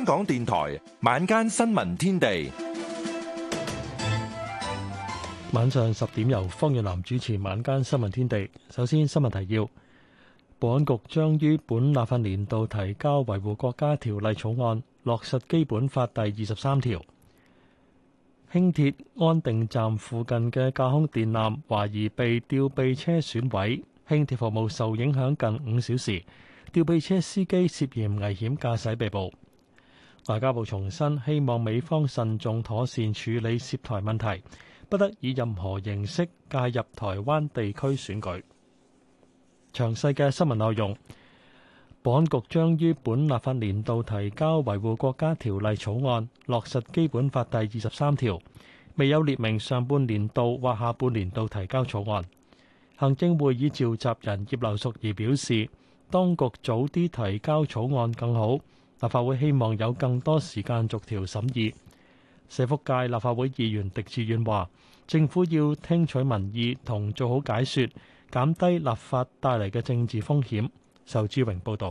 香港電台晚間新聞天地，晚上十點由方遠南主持。晚間新聞天地，首先新聞提要：保安局將於本立法年度提交維護國家條例草案，落實基本法第二十三條。輕鐵安定站附近嘅架空電纜懷疑被吊臂車損毀，輕鐵服務受影響近五小時。吊臂車司機涉嫌危險駕駛被捕。外交部重申，希望美方慎重妥善處理涉台問題，不得以任何形式介入台灣地區選舉。詳細嘅新聞內容，保安局將於本立法年度提交維護國家條例草案，落實基本法第二十三條，未有列明上半年度或下半年度提交草案。行政會議召集人葉劉淑儀表示，當局早啲提交草案更好。立法會希望有更多時間逐條審議。社福界立法會議員狄志遠話：政府要聽取民意同做好解說，減低立法帶嚟嘅政治風險。受志榮報導。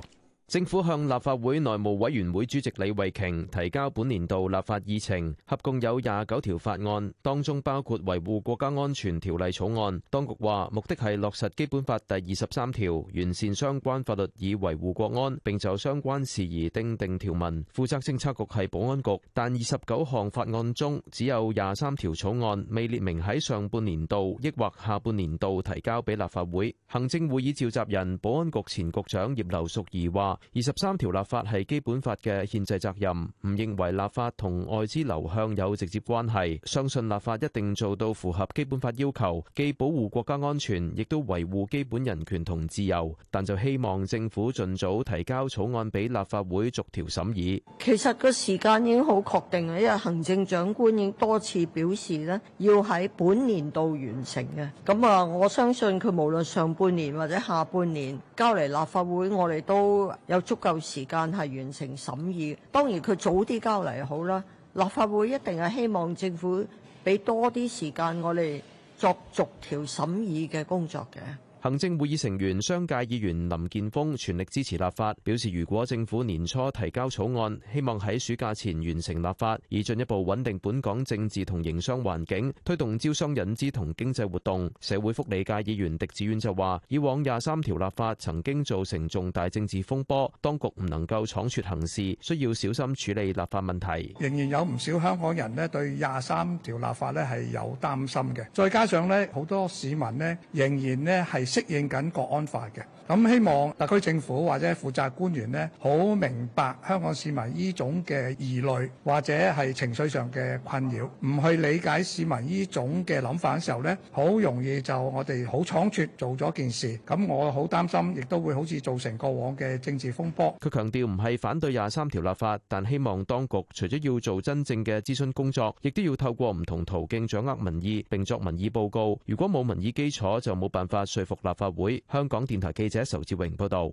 政府向立法會內務委員會主席李慧瓊提交本年度立法議程，合共有廿九條法案，當中包括維護國家安全條例草案。當局話，目的係落實基本法第二十三條，完善相關法律以維護國安，並就相關事宜訂定條文。負責政策局係保安局，但二十九項法案中只有廿三條草案未列明喺上半年度抑或下半年度提交俾立法會。行政會議召集人保安局前局長葉劉淑儀話。二十三條立法係基本法嘅憲制責任，唔認為立法同外資流向有直接關係，相信立法一定做到符合基本法要求，既保護國家安全，亦都維護基本人權同自由。但就希望政府盡早提交草案俾立法會逐條審議。其實個時間已經好確定啊，因為行政長官已經多次表示呢要喺本年度完成嘅。咁啊，我相信佢無論上半年或者下半年交嚟立法會，我哋都。有足夠時間係完成審議，當然佢早啲交嚟好啦。立法會一定係希望政府俾多啲時間，我哋作逐條審議嘅工作嘅。行政會議成員、商界議員林健鋒全力支持立法，表示如果政府年初提交草案，希望喺暑假前完成立法，以進一步穩定本港政治同營商環境，推動招商引資同經濟活動。社會福利界議員狄志遠就話，以往廿三條立法曾經造成重大政治風波，當局唔能夠倉促行事，需要小心處理立法問題。仍然有唔少香港人咧對廿三條立法咧係有擔心嘅，再加上咧好多市民咧仍然咧係。適應緊國安法嘅，咁希望特區政府或者負責官員呢，好明白香港市民呢種嘅疑慮或者係情緒上嘅困擾，唔去理解市民呢種嘅諗法嘅時候呢，好容易就我哋好倉促做咗件事，咁我好擔心，亦都會好似造成過往嘅政治風波。佢強調唔係反對廿三條立法，但希望當局除咗要做真正嘅諮詢工作，亦都要透過唔同途徑掌握民意並作民意報告。如果冇民意基礎，就冇辦法說服。立法會，香港電台記者仇志榮報道：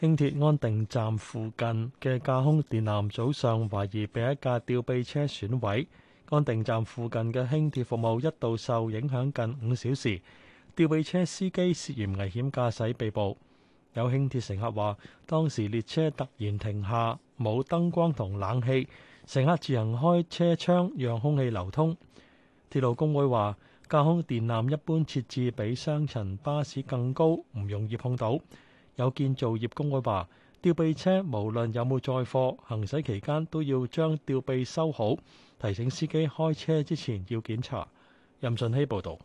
輕鐵安定站附近嘅架空電纜早上懷疑被一架吊臂車損毀，安定站附近嘅輕鐵服務一度受影響近五小時。吊臂車司機涉嫌危險駕駛被捕。有輕鐵乘客話，當時列車突然停下，冇燈光同冷氣，乘客自行開車窗讓空氣流通。鐵路工會話。架空電纜一般設置比雙層巴士更高，唔容易碰到。有建造業工會話，吊臂車無論有冇載貨，行駛期間都要將吊臂收好，提醒司機開車之前要檢查。任俊熙報道。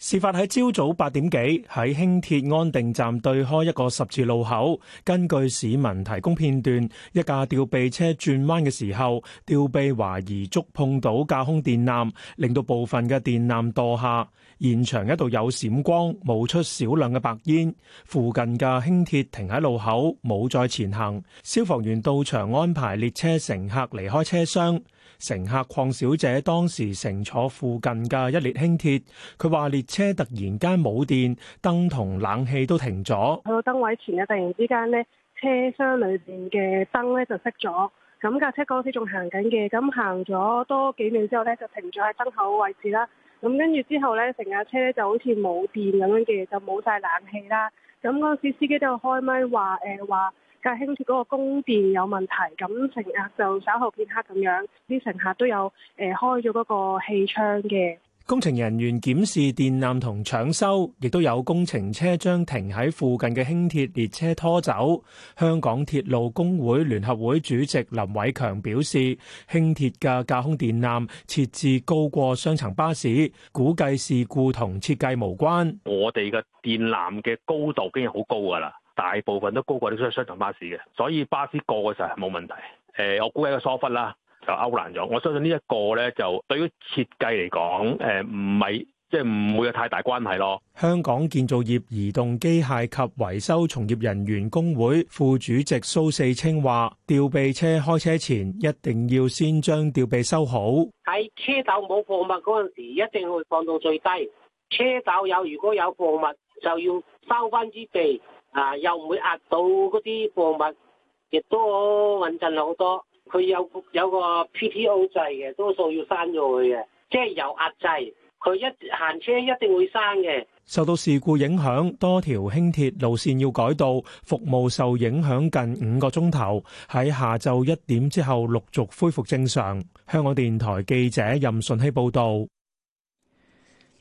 事發喺朝早八點幾，喺輕鐵安定站對開一個十字路口。根據市民提供片段，一架吊臂車轉彎嘅時候，吊臂懷疑觸碰，碰到架空電纜，令到部分嘅電纜墮下。現場一度有閃光，冒出少量嘅白煙。附近嘅輕鐵停喺路口，冇再前行。消防員到場安排列車乘客離開車廂。乘客鄺小姐當時乘坐附近嘅一列輕鐵，佢話列車突然間冇電，燈同冷氣都停咗。去到燈位前咧，突然之間咧，車廂裏邊嘅燈咧就熄咗。咁架車嗰時仲行緊嘅，咁行咗多幾秒之後咧，就停咗喺燈口位置啦。咁跟住之後咧，成架車咧就好似冇電咁樣嘅，就冇晒冷氣啦。咁嗰時司機都有開咪話，誒話。呃架輕鐵嗰個供電有問題，咁乘客就稍後片刻咁樣，啲乘客都有誒開咗嗰個氣窗嘅。工程人員檢視電纜同搶修，亦都有工程車將停喺附近嘅輕鐵列車拖走。香港鐵路工會聯合會主席林偉強表示，輕鐵嘅架空電纜設置高過雙層巴士，估計事故同設計無關。我哋嘅電纜嘅高度經已好高㗎啦。大部分都高過啲雙雙層巴士嘅，所以巴士過嘅時候係冇問題。誒，我估計個疏忽啦就勾難咗。我相信呢一個咧就對於設計嚟講，誒，唔係，即係唔會有太大關係咯。香港建造業移動機械及維修從業人員工會副主席蘇四清話：吊臂車開車前一定要先將吊臂收好。喺車斗冇貨物嗰陣時，一定會放到最低。車斗有，如果有貨物，就要收翻支臂。啊！又唔會壓到嗰啲貨物，亦都穩陣好多。佢有有個 PTO 掣嘅，多數要閂咗佢嘅，即係有壓掣。佢一行車一定會閂嘅。受到事故影響，多條輕鐵路線要改道，服務受影響近五個鐘頭。喺下晝一點之後，陸續恢復正常。香港電台記者任順熙報導。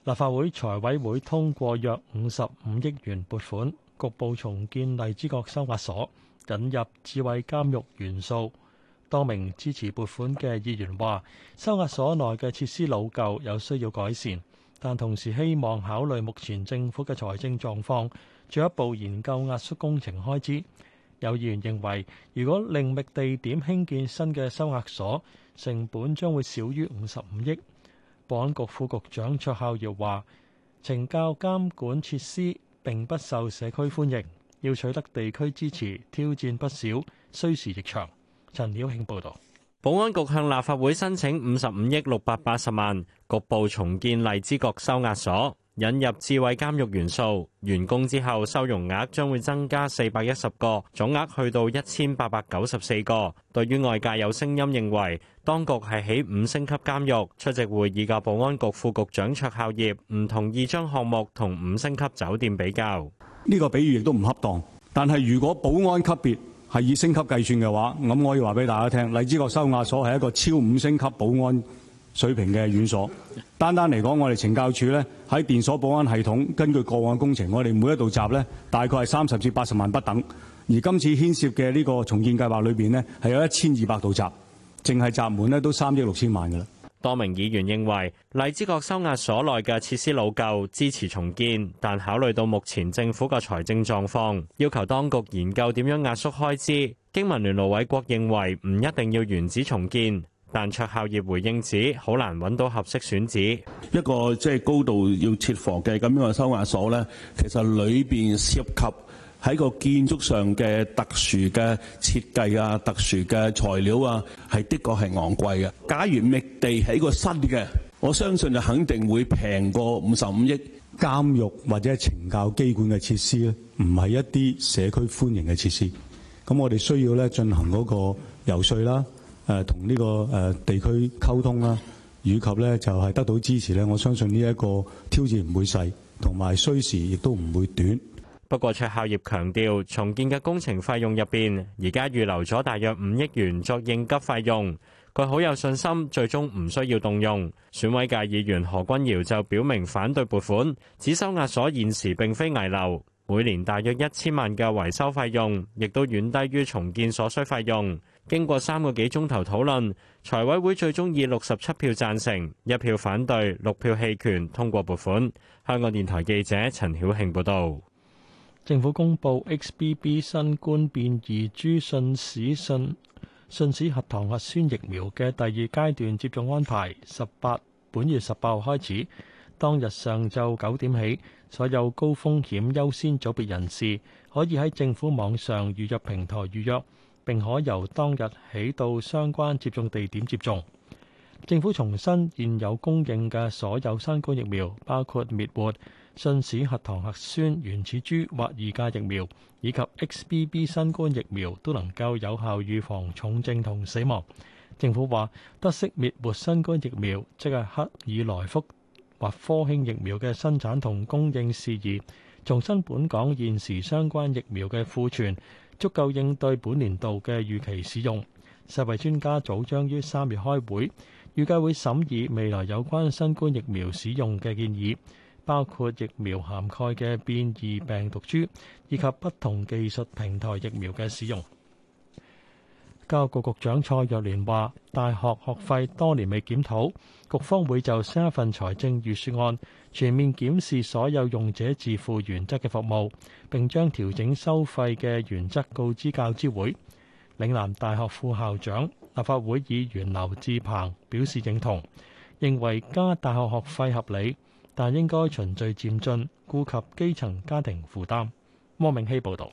立法會財委會通過約五十五億元撥款。局部重建荔枝角收押所，引入智慧監獄元素。多名支持撥款嘅議員話：收押所內嘅設施老舊，有需要改善，但同時希望考慮目前政府嘅財政狀況，進一步研究壓縮工程開支。有議員認為，如果另覓地點興建新嘅收押所，成本將會少於五十五億。保安局副局長卓孝堯話：懲教監管設施。並不受社區歡迎，要取得地區支持，挑戰不少，需時亦長。陳曉慶報導。保安局向立法會申請五十五億六百八十萬，局部重建荔枝角收押所。引入智慧監獄元素，完工之後收容額將會增加410個，總額去到1894個。對於外界有聲音認為，當局係起五星級監獄，出席會議嘅保安局副局長卓孝業，唔同意將項目同五星級酒店比較，呢個比喻亦都唔恰當，但係如果保安級別係以星級計算嘅話，咁我要話俾大家聽，荔枝角收押所係一個超五星級保安水平嘅院所，單單嚟講，我哋懲教署咧喺電鎖保安系統，根據過往工程，我哋每一度閘咧大概係三十至八十萬不等。而今次牽涉嘅呢個重建計劃裏邊咧，係有一千二百度閘，淨係閘門咧都三億六千萬㗎啦。多名議員認為荔枝角收押所內嘅設施老舊，支持重建，但考慮到目前政府嘅財政狀況，要求當局研究點樣壓縮開支。經民聯盧偉國認為唔一定要原址重建。但卓孝業回應指，好難揾到合適選址。一個即係高度要設防嘅咁樣嘅收押所咧，其實裏邊涉及喺個建築上嘅特殊嘅設計啊、特殊嘅材料啊，係的確係昂貴嘅。假如覓地喺個新嘅，我相信就肯定會平過五十五億。監獄或者係懲教機關嘅設施咧，唔係一啲社區歡迎嘅設施，咁我哋需要咧進行嗰個遊説啦。誒同呢個誒地區溝通啦，以及咧就係得到支持咧，我相信呢一個挑戰唔會細，同埋需時亦都唔會短。不過卓孝業強調，重建嘅工程費用入邊，而家預留咗大約五億元作應急費用，佢好有信心最終唔需要動用。選委界議員何君堯就表明反對撥款，指收押所現時並非危樓，每年大約一千萬嘅維修費用，亦都遠低於重建所需費用。經過三個幾鐘頭討論，財委會最終以六十七票贊成，一票反對，六票棄權通過撥款。香港電台記者陳曉慶報導。政府公布 XBB 新冠變異株信使信信使核糖核酸疫苗嘅第二階段接種安排，十八本月十八號開始，當日上晝九點起，所有高風險優先組別人士可以喺政府網上預約平台預約。並可由當日起到相關接種地點接種。政府重申現有供應嘅所有新冠疫苗，包括滅活、信使核糖核酸原始株或二價疫苗，以及 XBB 新冠疫苗，都能夠有效預防重症同死亡。政府話得悉滅活新冠疫苗即係克爾來福或科興疫苗嘅生產同供應事宜，重申本港現時相關疫苗嘅庫存，足夠應對本年度嘅預期使用。世衞專家組將於三月開會，預計會審議未來有關新冠疫苗使用嘅建議，包括疫苗涵蓋嘅變異病毒株，以及不同技術平台疫苗嘅使用。教育局局長蔡若蓮話，大學學費多年未檢討，局方會就新一份財政預算案全面檢視所有用者自付原則嘅服務，並將調整收費嘅原則告知教資會。嶺南大學副校長、立法會議員劉志鵬表示認同，認為加大學學費合理，但應該循序漸進，顧及基層家庭負擔。汪明希報導。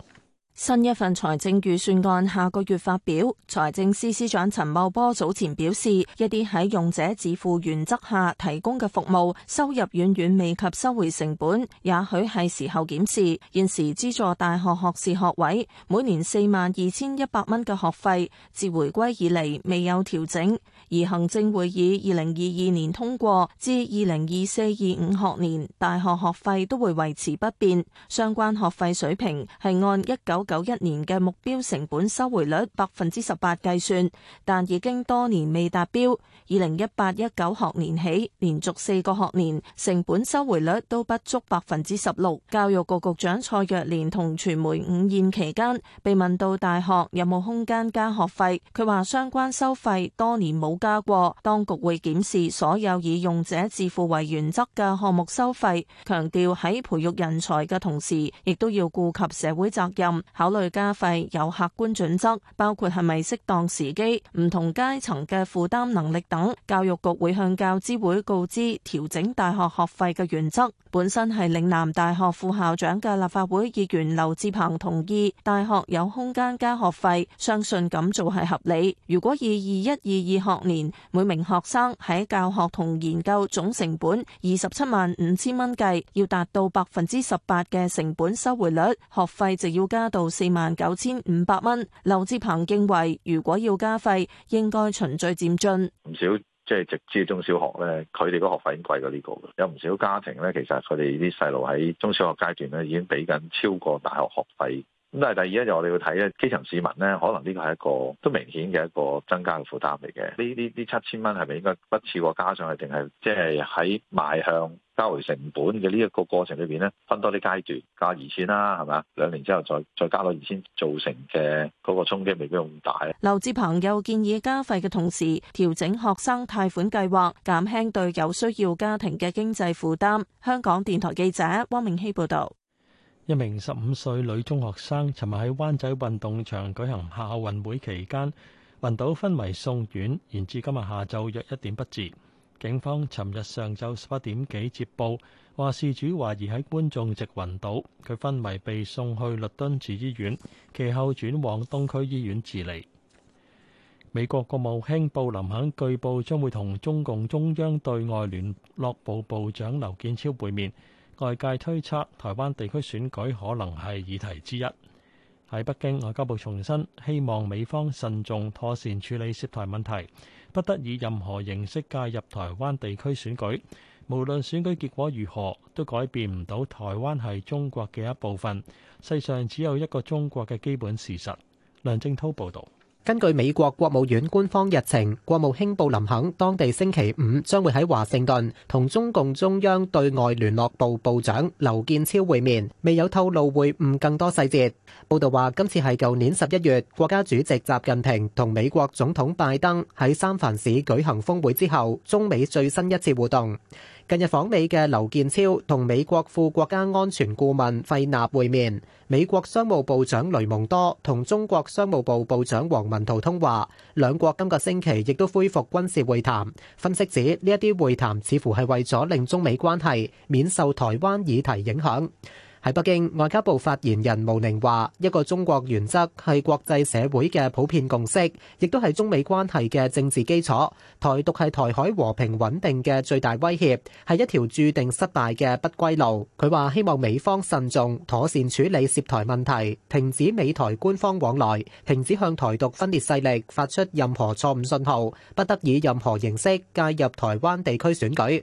新一份財政預算案下個月發表，財政司司長陳茂波早前表示，一啲喺用者自付原則下提供嘅服務，收入遠遠未及收回成本，也許係時候檢視。現時資助大學學士學位，每年四萬二千一百蚊嘅學費，自回歸以嚟，未有調整。而行政會議二零二二年通過至二零二四二五學年大學學費都會維持不變，相關學費水平係按一九九一年嘅目標成本收回率百分之十八計算，但已經多年未達標。二零一八一九學年起，連續四個學年成本收回率都不足百分之十六。教育局局長蔡若蓮同傳媒午宴期間被問到大學有冇空間加學費，佢話相關收費多年冇加過，當局會檢視所有以用者自付為原則嘅項目收費，強調喺培育人才嘅同時，亦都要顧及社會責任，考慮加費有客觀準則，包括係咪適當時機、唔同階層嘅負擔能力等。教育局會向教資會告知調整大學學費嘅原則。本身係嶺南大學副校長嘅立法會議員劉志鵬同意大學有空間加學費，相信咁做係合理。如果以二一、二二學年每名學生喺教學同研究總成本二十七萬五千蚊計，要達到百分之十八嘅成本收回率，學費就要加到四萬九千五百蚊。劉志鵬認為，如果要加費，應該循序漸進。唔少即係、就是、直資中小學咧，佢哋個學費已經貴過呢、這個。有唔少家庭咧，其實佢哋啲細路喺中小學階段咧，已經俾緊超過大學學費。咁但係第二咧就我哋要睇咧，基層市民咧，可能呢個係一個都明顯嘅一個增加嘅負擔嚟嘅。呢呢呢七千蚊係咪應該一次過加上去，定係即係喺邁向交回成本嘅呢一個過程裏邊咧，分多啲階段加二千啦，係嘛？兩年之後再再加多二千，造成嘅嗰個衝擊未必咁大。劉志鵬又建議加費嘅同時調整學生貸款計劃，減輕對有需要家庭嘅經濟負擔。香港電台記者汪明希報導。一名十五歲女中學生尋日喺灣仔運動場舉行校運會期間，暈倒昏迷送院，延至今日下晝約一點不治。警方尋日上晝十一點幾接報，話事主懷疑喺觀眾席暈倒，佢昏迷被送去律敦治醫院，其後轉往東區醫院治理。美國國務卿布林肯據報將會同中共中央對外聯絡部部長劉建超會面。外界推測台灣地區選舉可能係議題之一。喺北京外交部重申，希望美方慎重妥善處理涉台問題，不得以任何形式介入台灣地區選舉，無論選舉結果如何，都改變唔到台灣係中國嘅一部分。世上只有一個中國嘅基本事實，梁正濤報道。根據美國國務院官方日程，國務卿布林肯當地星期五今日訪美的劉建超和美國赴國家安全顧問廢納會面，美國商務部長雷蒙多和中國商務部部長黃文塗通話，兩國今季星期亦都恢復君世會談。分析指這些會談似乎是為了令中美關係免受台灣議題影響喺北京，外交部發言人毛寧話一個中國原則係國際社會嘅普遍共識，亦都係中美關係嘅政治基礎，台獨係台海和平穩定嘅最大威脅，係一條注定失敗嘅不歸路。佢話希望美方慎重妥善處理涉台問題，停止美台官方往來，停止向台獨分裂勢力發出任何錯誤信號，不得以任何形式介入台灣地區選舉。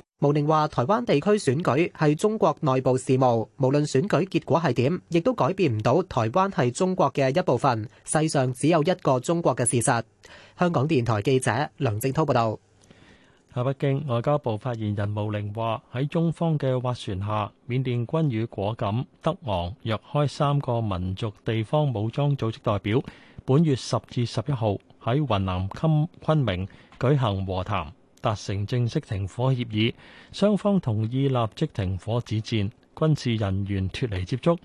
毛寧話：台灣地區選舉係中國內部事務，無論選舉結果係點，亦都改變唔到台灣係中國嘅一部分，世上只有一個中國嘅事實。香港電台記者梁正滔報導。喺北京，外交部發言人毛寧話：喺中方嘅斡旋下，緬甸軍與果敢德昂、若開三個民族地方武裝組織代表本月十至十一號喺雲南昆昆明舉行和談。達成正式停火協議，雙方同意立即停火止戰，軍事人員脫離接觸，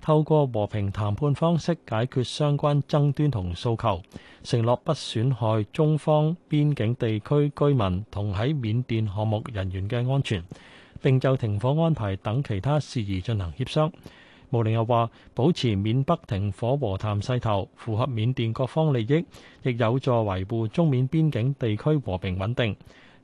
透過和平談判方式解決相關爭端同訴求，承諾不損害中方邊境地區居民同喺緬甸項目人員嘅安全，並就停火安排等其他事宜進行協商。穆玲又話：保持緬北停火和談勢頭，符合緬甸各方利益，亦有助維護中緬邊境地區和平穩定。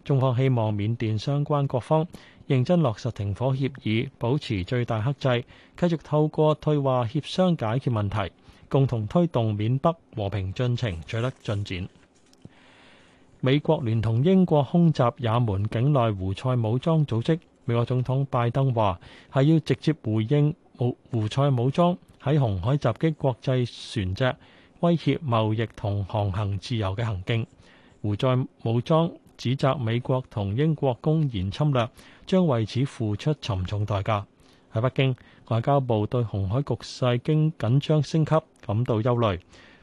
中方希望緬甸相關各方認真落實停火協議，保持最大克制，繼續透過退話協商解決問題，共同推動緬北和平進程取得進展。美國聯同英國空襲也門境內胡塞武裝組織，美國總統拜登話係要直接回應。胡塞武裝喺紅海襲擊國際船隻，威脅貿易同航行自由嘅行徑。胡塞武裝指責美國同英國公然侵略，將為此付出沉重代價。喺北京，外交部對紅海局勢經緊張升級感到憂慮，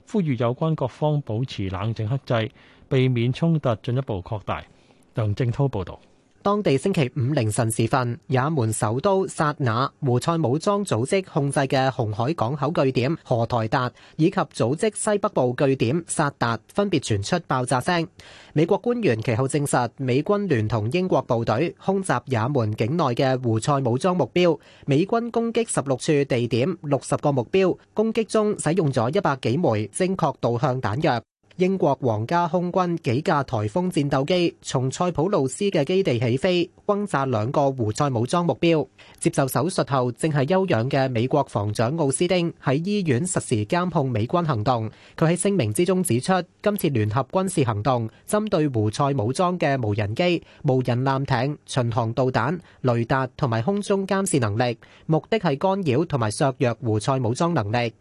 呼籲有關各方保持冷靜克制，避免衝突進一步擴大。梁正濤報道。當地星期五凌晨時分，也門首都薩那、胡塞武裝組織控制嘅紅海港口據點荷台達，以及組織西北部據點薩達，分別傳出爆炸聲。美國官員其後證實，美軍聯同英國部隊空襲也門境內嘅胡塞武裝目標，美軍攻擊十六處地點、六十個目標，攻擊中使用咗一百幾枚精確導向彈藥。英國皇家空軍幾架颱風戰鬥機從塞浦路斯嘅基地起飛，轟炸兩個胡塞武裝目標。接受手術後正係休養嘅美國防長奧斯丁喺醫院實時監控美軍行動。佢喺聲明之中指出，今次聯合軍事行動針對胡塞武裝嘅無人機、無人艦艇、巡航導彈、雷達同埋空中監視能力，目的係干擾同埋削弱胡塞武裝能力。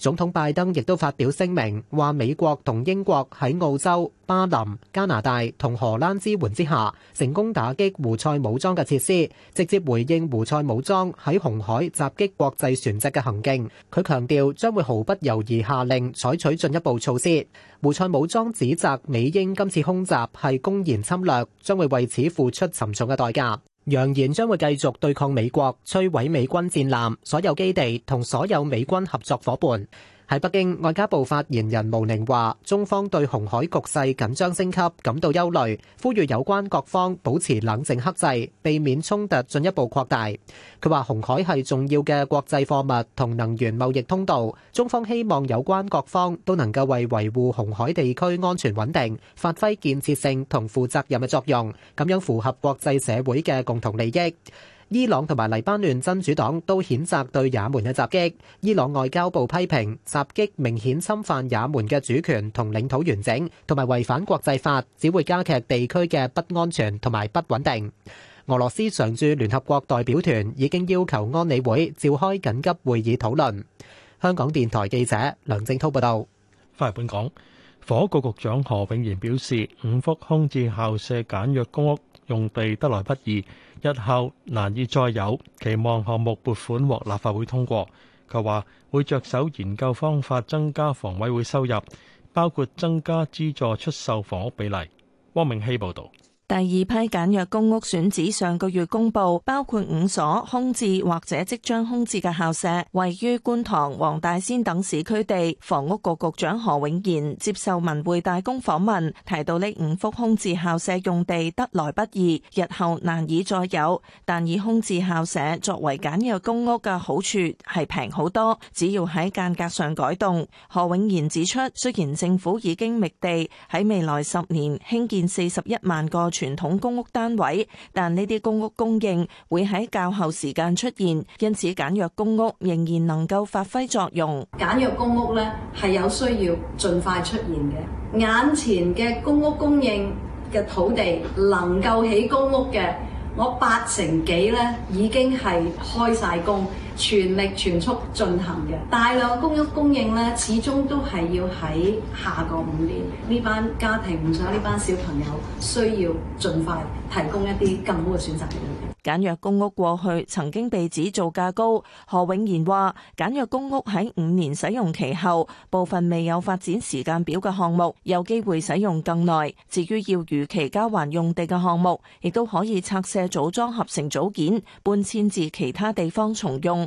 總統拜登亦都發表聲明，話美國同英國喺澳洲、巴林、加拿大同荷蘭支援之下，成功打擊胡塞武裝嘅設施，直接回應胡塞武裝喺紅海襲擊國際船隻嘅行徑。佢強調將會毫不猶豫下令採取進一步措施。胡塞武裝指責美英今次空襲係公然侵略，將會為此付出沉重嘅代價。揚言將會繼續對抗美國，摧毀美軍戰艦、所有基地同所有美軍合作夥伴。喺北京，外交部發言人毛寧話：中方對紅海局勢緊張升級感到憂慮，呼籲有關各方保持冷靜克制，避免衝突進一步擴大。佢話：紅海係重要嘅國際貨物同能源貿易通道，中方希望有關各方都能夠為維護紅海地區安全穩定發揮建設性同負責任嘅作用，咁樣符合國際社會嘅共同利益。伊朗同埋黎巴嫩真主黨都譴責對也門嘅襲擊。伊朗外交部批評襲擊明顯侵犯也門嘅主權同領土完整，同埋違反國際法，只會加劇地區嘅不安全同埋不穩定。俄羅斯常駐聯合國代表團已經要求安理會召開緊急會議討論。香港電台記者梁正濤報道。翻嚟本港，房屋局局長何永賢表示，五幅空置校舍簡約公屋用地得來不易。日後難以再有，期望項目撥款獲立法會通過。佢話會着手研究方法增加房委會收入，包括增加資助出售房屋比例。汪明希報道。第二批簡約公屋選址上個月公布，包括五所空置或者即將空置嘅校舍，位於觀塘、黃大仙等市區地。房屋局局長何永賢接受文匯大公訪問，提到呢五幅空置校舍用地得來不易，日後難以再有。但以空置校舍作為簡約公屋嘅好處係平好多，只要喺間隔上改動，何永賢指出，雖然政府已經覓地喺未來十年興建四十一萬個傳統公屋單位，但呢啲公屋供應會喺較後時間出現，因此簡約公屋仍然能夠發揮作用。簡約公屋咧係有需要盡快出現嘅，眼前嘅公屋供應嘅土地能夠起公屋嘅，我八成幾咧已經係開晒工。全力全速進行嘅大量公屋供應咧，始終都係要喺下個五年呢班家庭、呢班小朋友需要盡快提供一啲更好嘅選擇嘅。簡約公屋過去曾經被指造價高，何永賢話：簡約公屋喺五年使用期後，部分未有發展時間表嘅項目有機會使用更耐。至於要如期交還用地嘅項目，亦都可以拆卸組裝合成組件，搬遷至其他地方重用。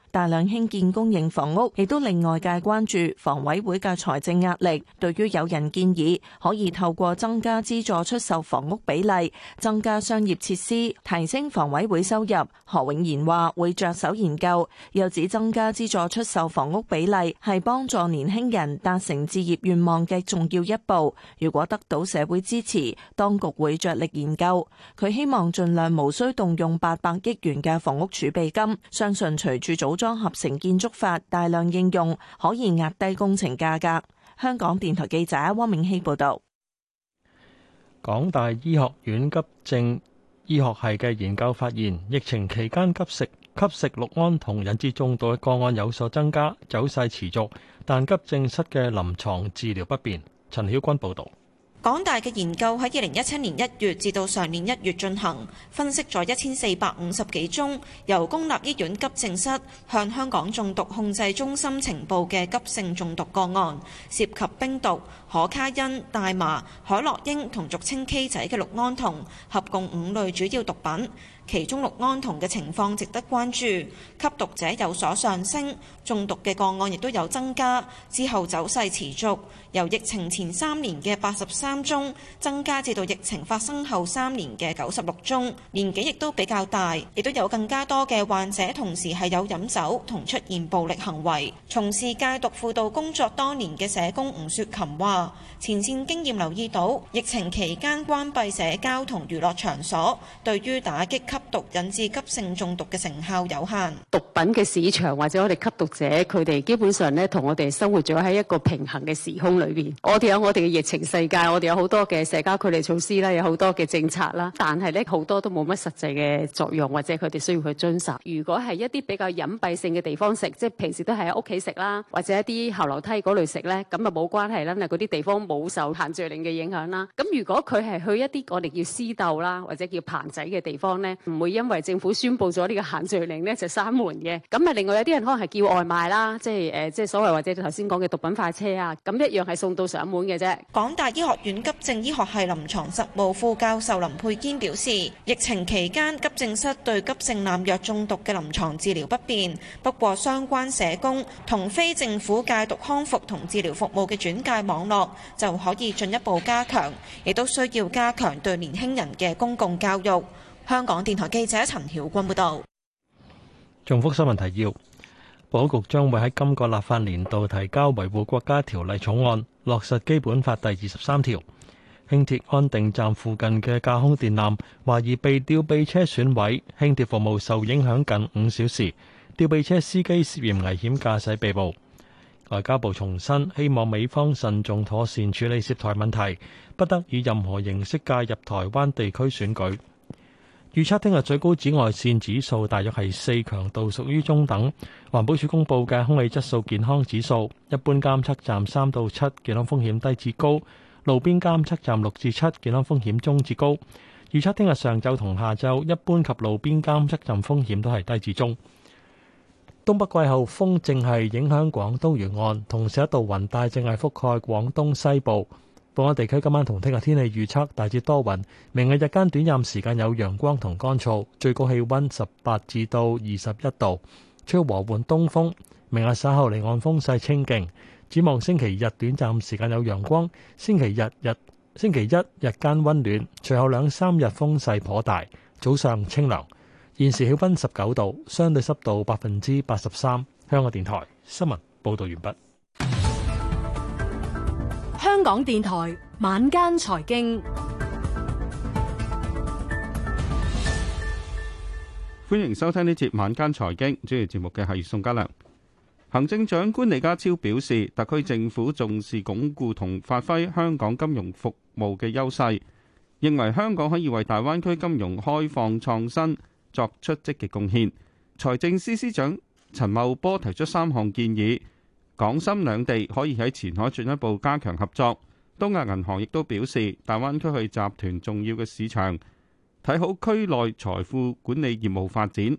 大量興建公營房屋，亦都令外界關注房委會嘅財政壓力。對於有人建議可以透過增加資助出售房屋比例，增加商業設施，提升房委會收入，何永賢話會着手研究。又指增加資助出售房屋比例係幫助年輕人達成置業願望嘅重要一步。如果得到社會支持，當局會着力研究。佢希望盡量無需動用八百億元嘅房屋儲備金，相信隨住組裝合成建築法大量應用，可以壓低工程價格。香港電台記者汪明希報道。港大醫學院急症醫學系嘅研究發現，疫情期間急食吸食氯胺酮引致中毒嘅個案有所增加，走勢持續，但急症室嘅臨床治療不變。陳曉君報道。港大嘅研究喺二零一七年一月至到上年一月進行，分析咗一千四百五十幾宗由公立醫院急症室向香港中毒控制中心呈報嘅急性中毒個案，涉及冰毒、可卡因、大麻、海洛因同俗稱 K 仔嘅氯胺酮，合共五類主要毒品。其中氯胺酮嘅情況值得關注，吸毒者有所上升，中毒嘅個案亦都有增加。之後走勢持續，由疫情前三年嘅八十三宗增加至到疫情發生後三年嘅九十六宗。年紀亦都比較大，亦都有更加多嘅患者同時係有飲酒同出現暴力行為。從事戒毒輔導工作多年嘅社工吳雪琴話，前線經驗留意到，疫情期間關閉社交同娛樂場所，對於打擊吸毒引致急性中毒嘅成效有限。毒品嘅市場或者我哋吸毒者佢哋基本上咧同我哋生活咗喺一個平衡嘅時空裏邊。我哋有我哋嘅疫情世界，我哋有好多嘅社交距離措施啦，有好多嘅政策啦。但係咧好多都冇乜實際嘅作用，或者佢哋需要去遵守。如果係一啲比較隱蔽性嘅地方食，即係平時都係喺屋企食啦，或者一啲後樓梯嗰類食咧，咁啊冇關係啦。嗱，嗰啲地方冇受限聚令嘅影響啦。咁如果佢係去一啲我哋叫私竇啦，或者叫棚仔嘅地方咧？唔會因為政府宣布咗呢個限聚令呢，就閂門嘅。咁啊，另外有啲人可能係叫外賣啦，即係誒，即係所謂或者頭先講嘅毒品快車啊，咁一樣係送到上門嘅啫。港大醫學院急症醫學系臨牀實務副教授林佩堅表示，疫情期間急症室對急性濫藥中毒嘅臨牀治療不變，不過相關社工同非政府戒毒康復同治療服務嘅轉介網絡就可以進一步加強，亦都需要加強對年輕人嘅公共教育。香港電台記者陳曉君報道。重複新聞提要：保局將會喺今個立法年度提交維護國家條例草案，落實基本法第二十三條。輕鐵安定站附近嘅架空電纜懷疑被吊臂車損毀，輕鐵服務受影響近五小時。吊臂車司機涉嫌危險駕駛被捕。外交部重申，希望美方慎重妥善處理涉台問題，不得以任何形式介入台灣地區選舉。預測聽日最高紫外線指數大約係四，強度屬於中等。環保署公佈嘅空氣質素健康指數，一般監測站三到七，健康風險低至高；路邊監測站六至七，健康風險中至高。預測聽日上晝同下晝，一般及路邊監測站風險都係低至中。東北季候風正係影響廣東沿岸，同時一道雲帶正係覆蓋廣東西部。本港地區今晚同聽日天氣預測，大致多雲，明日日間短暫時間有陽光同乾燥，最高氣溫十八至到二十一度，吹和緩東風，明日稍後離岸風勢清勁，展望星期日短暫時間有陽光，星期日日星期一日間溫暖，隨後兩三日風勢頗大，早上清涼，現時氣溫十九度，相對濕度百分之八十三。香港電台新聞報道完畢。香港電台晚間財經，歡迎收聽呢節晚間財經。主持節目嘅係宋家良。行政長官李家超表示，特區政府重視鞏固同發揮香港金融服務嘅優勢，認為香港可以為大灣區金融開放創新作出積極貢獻。財政司司長陳茂波提出三項建議。港深兩地可以喺前海進一步加強合作。東亞銀行亦都表示，大灣區係集團重要嘅市場，睇好區內財富管理業務發展。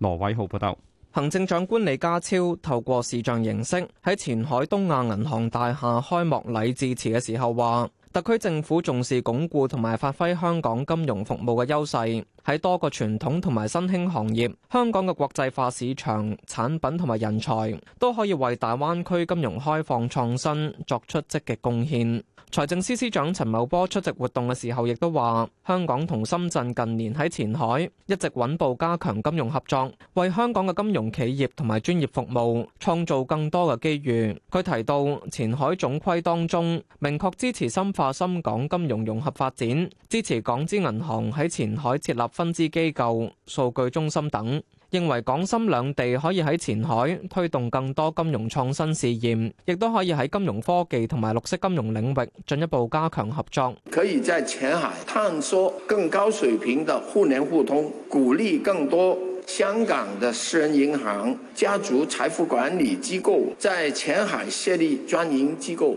羅偉浩報道，行政長官李家超透過視像形式喺前海東亞銀行大廈開幕禮致辭嘅時候話，特區政府重視鞏固同埋發揮香港金融服務嘅優勢。喺多個傳統同埋新興行業，香港嘅國際化市場產品同埋人才都可以為大灣區金融開放創新作出積極貢獻。財政司司長陳茂波出席活動嘅時候亦都話，香港同深圳近年喺前海一直穩步加強金融合作，為香港嘅金融企業同埋專業服務創造更多嘅機遇。佢提到前海總規當中，明確支持深化深港金融融合發展，支持港資銀行喺前海設立，分支機構、數據中心等，認為港深兩地可以喺前海推動更多金融創新試驗，亦都可以喺金融科技同埋綠色金融領域進一步加強合作，可以在前海探索更高水平的互聯互通，鼓勵更多香港的私人銀行、家族財富管理機構在前海設立專營機構。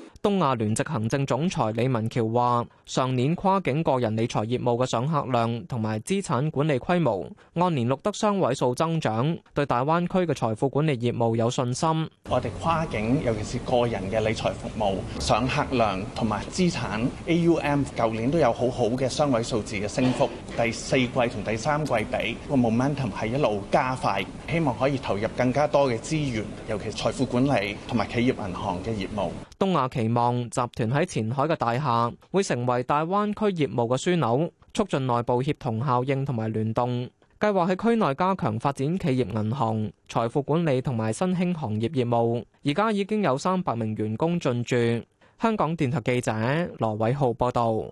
東亞聯席行政總裁李文橋話：上年跨境個人理財業務嘅上客量同埋資產管理規模按年錄得雙位數增長，對大灣區嘅財富管理業務有信心。我哋跨境，尤其是個人嘅理財服務上客量同埋資產 AUM，舊年都有好好嘅雙位數字嘅升幅。第四季同第三季比個 momentum 係一路加快，希望可以投入更加多嘅資源，尤其財富管理同埋企業銀行嘅業務。東亞期望集團喺前海嘅大廈會成為大灣區業務嘅樞紐，促進內部協同效應同埋聯動。計劃喺區內加強發展企業銀行、財富管理同埋新興行業業務。而家已經有三百名員工進駐。香港電台記者羅偉浩報道。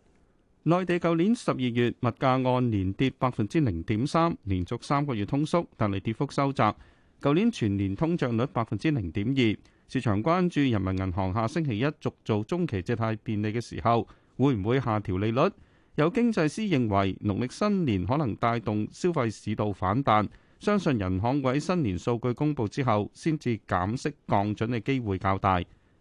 內地舊年十二月物價按年跌百分之零點三，連續三個月通縮，但係跌幅收窄。舊年全年通脹率百分之零點二。市場關注人民銀行下星期一續做中期借貸便利嘅時候，會唔會下調利率？有經濟師認為，農曆新年可能帶動消費市道反彈，相信人行喺新年數據公布之後，先至減息降準嘅機會較大。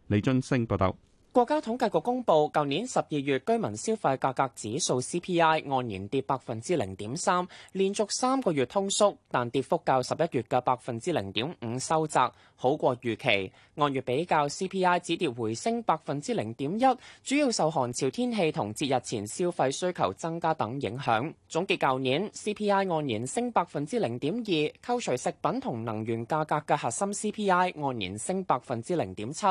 李俊升報道。國家統計局公布，舊年十二月居民消費價格指數 CPI 按年跌百分之零點三，連續三個月通縮，但跌幅較十一月嘅百分之零點五收窄，好過預期。按月比較 CPI 止跌回升百分之零點一，主要受寒潮天氣同節日前消費需求增加等影響。總結舊年 CPI 按年升百分之零點二，扣除食品同能源價格嘅核心 CPI 按年升百分之零點七。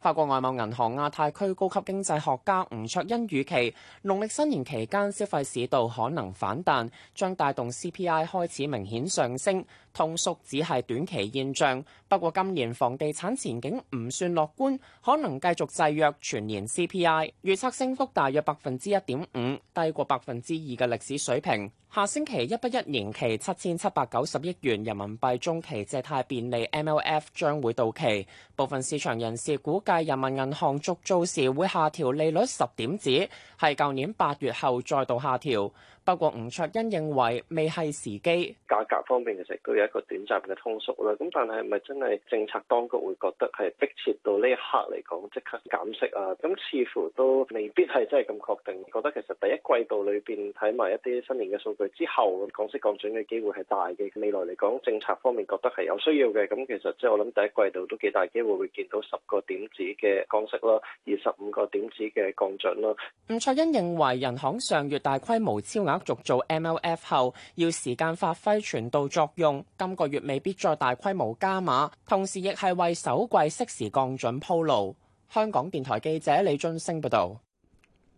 法國外貿銀行亞太區高級經濟學家吳卓恩預期，農曆新年期間消費市道可能反彈，將帶動 CPI 開始明顯上升。通縮只係短期現象，不過今年房地產前景唔算樂觀，可能繼續制約全年 CPI 預測升幅大約百分之一點五，低過百分之二嘅歷史水平。下星期一不一年期七千七百九十億元人民幣中期借貸便利 MLF 將會到期，部分市場人士估計人民銀行續做時會下調利率十點子，係舊年八月後再度下調。不過吳卓恩認為未係時機，價格，格方面其實一個短暫嘅通縮啦，咁但係係咪真係政策當局會覺得係迫切到呢一刻嚟講即刻減息啊？咁似乎都未必係真係咁確定。覺得其實第一季度裏邊睇埋一啲新年嘅數據之後，降息降準嘅機會係大嘅。未來嚟講，政策方面覺得係有需要嘅，咁其實即係我諗第一季度都幾大機會會見到十個點子嘅降息啦，二十五個點子嘅降準啦。吳卓欣認為，人行上月大規模超額續做 MLF 後，要時間發揮傳導作用。今個月未必再大規模加碼，同時亦係為首季適時降準鋪路。香港電台記者李俊升報道：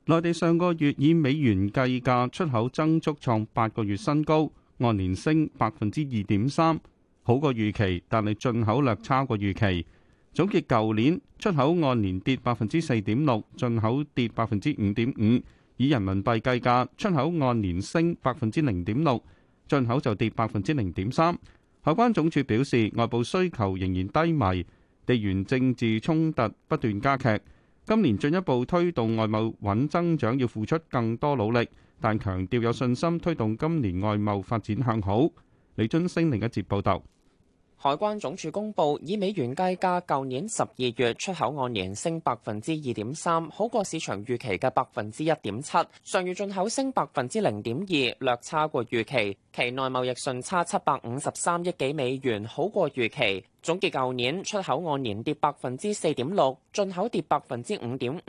內地上個月以美元計價出口增速創八個月新高，按年升百分之二點三，好過預期，但係進口略差過預期。總結舊年出口按年跌百分之四點六，進口跌百分之五點五，以人民幣計價出口按年升百分之零點六。進口就跌百分之零點三。海關總署表示，外部需求仍然低迷，地緣政治衝突不斷加劇，今年進一步推動外貿穩增長要付出更多努力，但強調有信心推動今年外貿發展向好。李津升另一節報道。海關總署公布，以美元計價，舊年十二月出口按年升百分之二點三，好過市場預期嘅百分之一點七；上月進口升百分之零點二，略差過預期。期內貿易順差七百五十三億幾美元，好過預期。總結舊年出口按年跌百分之四點六，進口跌百分之五點五，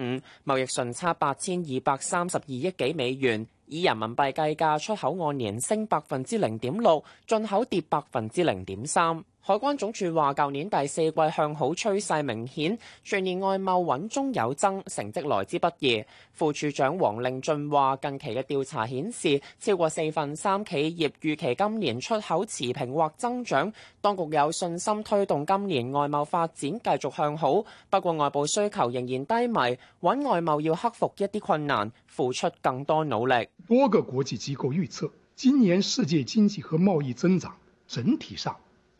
貿易順差八千二百三十二億幾美元。以人民幣計價，出口按年升百分之零點六，進口跌百分之零點三。海關總署話，舊年第四季向好趨勢明顯，全年外貿穩中有增，成績來之不易。副署長黃令俊話，近期嘅調查顯示，超過四分三企業預期今年出口持平或增長，當局有信心推動今年外貿發展繼續向好。不過，外部需求仍然低迷，穩外貿要克服一啲困難，付出更多努力。多個國際機構預測，今年世界經濟和貿易增長整體上，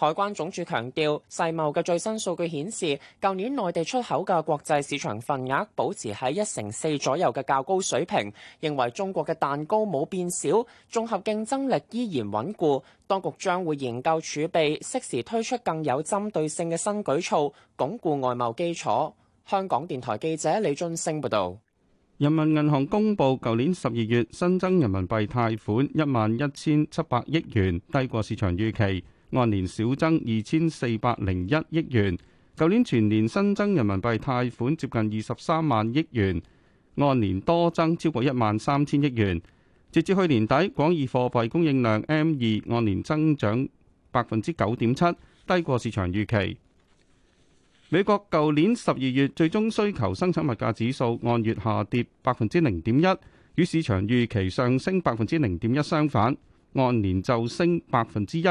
海關總署強調，世貿嘅最新數據顯示，舊年內地出口嘅國際市場份額保持喺一成四左右嘅較高水平，認為中國嘅蛋糕冇變小，綜合競爭力依然穩固。當局將會研究儲備，適時推出更有針對性嘅新舉措，鞏固外貿基礎。香港電台記者李津升報道。人民銀行公布舊年十二月新增人民幣貸款一萬一千七百億元，低過市場預期。按年少增二千四百零一億元，舊年全年新增人民幣貸款接近二十三萬億元，按年多增超過一萬三千億元。截至去年底，廣義貨幣供應量 M 二按年增長百分之九點七，低過市場預期。美國舊年十二月最終需求生產物價指數按月下跌百分之零點一，與市場預期上升百分之零點一相反，按年就升百分之一。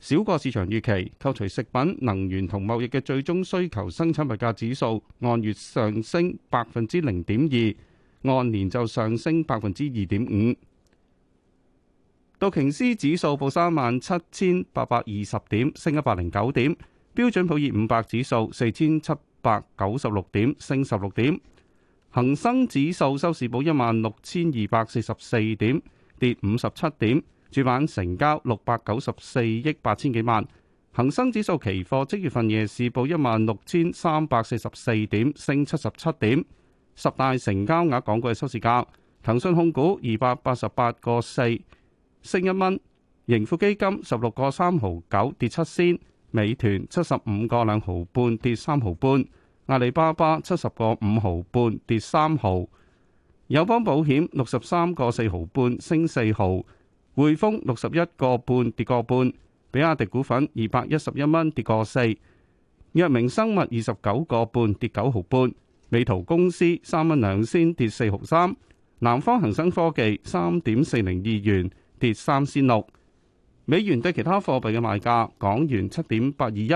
少過市場預期，扣除食品、能源同貿易嘅最終需求生產物價指數按月上升百分之零點二，按年就上升百分之二點五。道瓊斯指數報三萬七千八百二十點，升一百零九點。標準普爾五百指數四千七百九十六點，升十六點。恒生指數收市報一萬六千二百四十四點，跌五十七點。主板成交六百九十四億八千幾萬，恒生指數期貨即月份夜市報一萬六千三百四十四點，升七十七點。十大成交額港股嘅收市價，騰訊控股二百八十八個四升一蚊，盈富基金十六個三毫九跌七仙，美團七十五個兩毫半跌三毫半，阿里巴巴七十個五毫半跌三毫，友邦保險六十三個四毫半升四毫。匯豐六十一個半跌個半，比亞迪股份二百一十一蚊跌個四，藥明生物二十九個半跌九毫半，美圖公司三蚊兩仙跌四毫三，南方恒生科技三點四零二元跌三仙六，美元兌其他貨幣嘅賣價：港元七點八二一，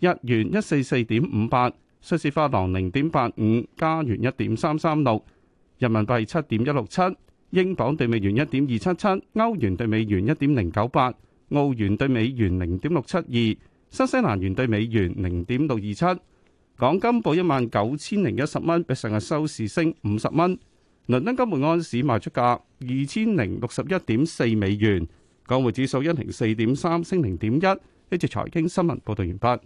日元一四四點五八，瑞士法郎零點八五，加元一點三三六，人民幣七點一六七。英鎊兌美元一點二七七，歐元兌美元一點零九八，澳元兌美元零點六七二，新西蘭元兌美元零點六二七。港金報一萬九千零一十蚊，比上日收市升五十蚊。倫敦金每安士賣出價二千零六十一點四美元。港匯指數一零四點三，升零點一。呢節財經新聞報道完畢。